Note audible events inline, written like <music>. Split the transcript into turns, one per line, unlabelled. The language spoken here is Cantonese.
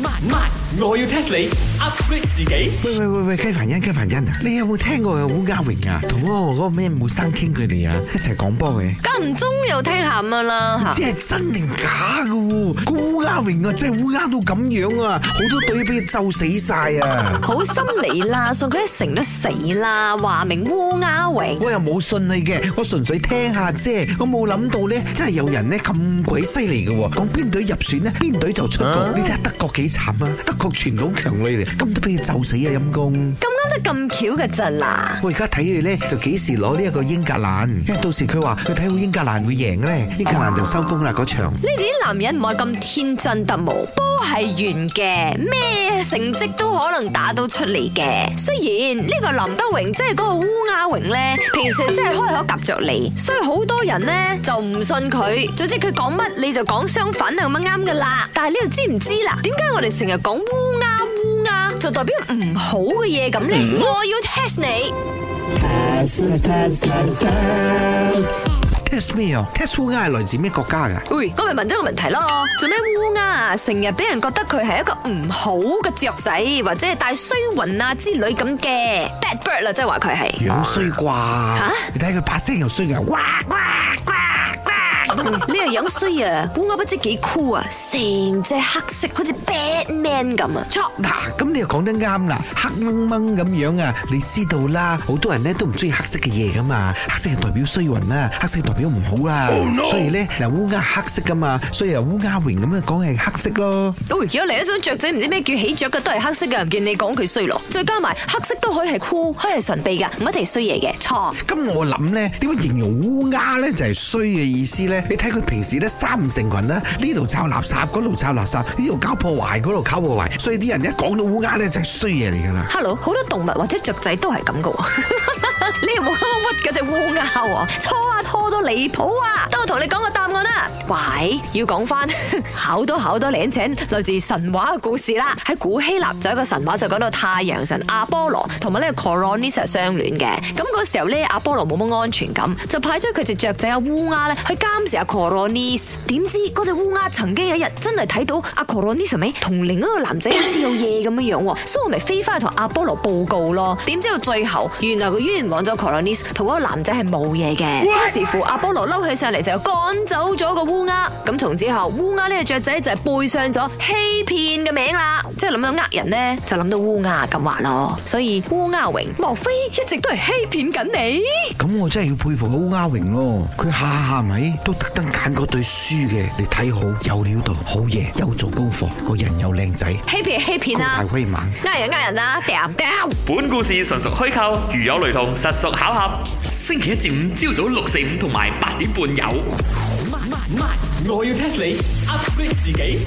麥麥，我要 test 你 upgrade 自己。喂喂喂喂，雞凡欣雞凡欣啊！你有冇聽過烏鴉榮啊？同嗰個嗰個咩冇生傾佢哋啊，一齊講波嘅。
間唔中又聽下咁樣啦，吓！即係真定
假噶？烏鴉榮啊，即係烏鴉到咁樣啊！好多隊俾佢咒死晒啊！好心你啦，信佢成都死啦，話明烏鴉榮。我又冇信你嘅，我純粹聽下啫。我冇諗到咧，真係有人咧咁鬼犀利噶！講邊隊入選咧，邊隊就出局。呢啲係德國嘅。幾慘啊！德國傳統強隊嚟，咁都俾佢就死啊！陰公
咁啱得咁巧嘅咋嗱？
我而家睇佢咧，就幾時攞呢一個英格蘭？因為到時佢話佢睇好英格蘭會贏咧，英格蘭就收工啦嗰場。
啊、你哋啲男人唔係咁天真得冇？特係圓嘅，咩成績都可能打到出嚟嘅。雖然呢、個林德榮即係嗰個烏鴉榮呢，平時真係開口夾着你，所以好多人呢就唔信佢。總之佢講乜你就講相反咁樣啱噶啦。但係你又知唔知啦？點解我哋成日講烏鴉烏鴉，就代表唔好嘅嘢咁呢？嗯、我要 test 你。
Test me 哦，test 烏鴉係來自咩國家㗎？喂、
哎，我咪問咗個問題咯。做咩烏鴉啊？成日俾人覺得佢係一個唔好嘅雀仔，或者係大衰魂啊之類咁嘅 <laughs> bad bird 啦，即係話佢係
樣衰啩？吓、啊，你睇佢把聲又衰嘅，哇哇。哇
<music> 你又樣衰啊烏鴉不知幾酷啊成隻黑色好似 Batman 咁啊錯
嗱咁你又講得啱啦黑掹掹咁樣啊你知道啦好多人咧都唔中意黑色嘅嘢噶嘛黑色係代表衰運啊，黑色係代表唔好啊、oh, no! 所以咧嗱烏鴉黑色噶嘛所以烏鴉黃咁樣講係黑色咯
如果嚟一種雀仔唔知咩叫喜鵲嘅都係黑色嘅唔見你講佢衰咯再加埋黑色都可以係酷可以係神秘噶唔一定係衰嘢嘅錯
咁我諗咧點樣形容烏鴉咧就係衰嘅意思咧？你睇佢平時咧三五成群啦，呢度抄垃圾，嗰度抄垃圾，呢度搞破壞，嗰度搞破壞，所以啲人一講到烏鴉咧就係衰嘢嚟㗎啦。
Hello，好多動物或者雀仔都係咁嘅喎。 <laughs> <laughs> 你又冇屈屈嗰隻烏鴉喎，錯啊，錯到離譜啊！等、啊、我同你講個答案啦。喂，要講翻好多好多兩程來自神話嘅故事啦。喺古希臘就有一個神話就講到太陽神阿波羅同埋呢個 Coronis 相戀嘅。咁嗰時候咧阿波羅冇乜安全感，就派出佢隻雀仔阿烏鴉咧去監視阿 Coronis。點知嗰隻烏鴉曾經有一日真係睇到阿 Coronis 同另一個男仔好似有嘢咁樣樣，所以咪飛翻去同阿波羅報告咯。點知到最後，原來佢冤。講咗 Coronis 同嗰個男仔係冇嘢嘅，於是乎阿波羅嬲起上嚟，就趕走咗個烏鴉。咁從之後烏鴉呢隻雀仔就係背上咗欺騙嘅名啦。即係諗到呃人呢，就諗到烏鴉咁話咯。所以烏鴉榮莫非一直都係欺騙緊你？
咁我真係要佩服個烏鴉榮咯，佢下下咪都特登揀嗰對書嘅，你睇，好有料到，好嘢，又做功課，個人又靚仔，欺騙
欺騙啊！」係威猛，呃人呃人啊！down down
本故事純屬虛構，如有雷同，實屬巧合，星期一至五朝早六四五同埋八點半有。我要 test 你，upgrade 自己。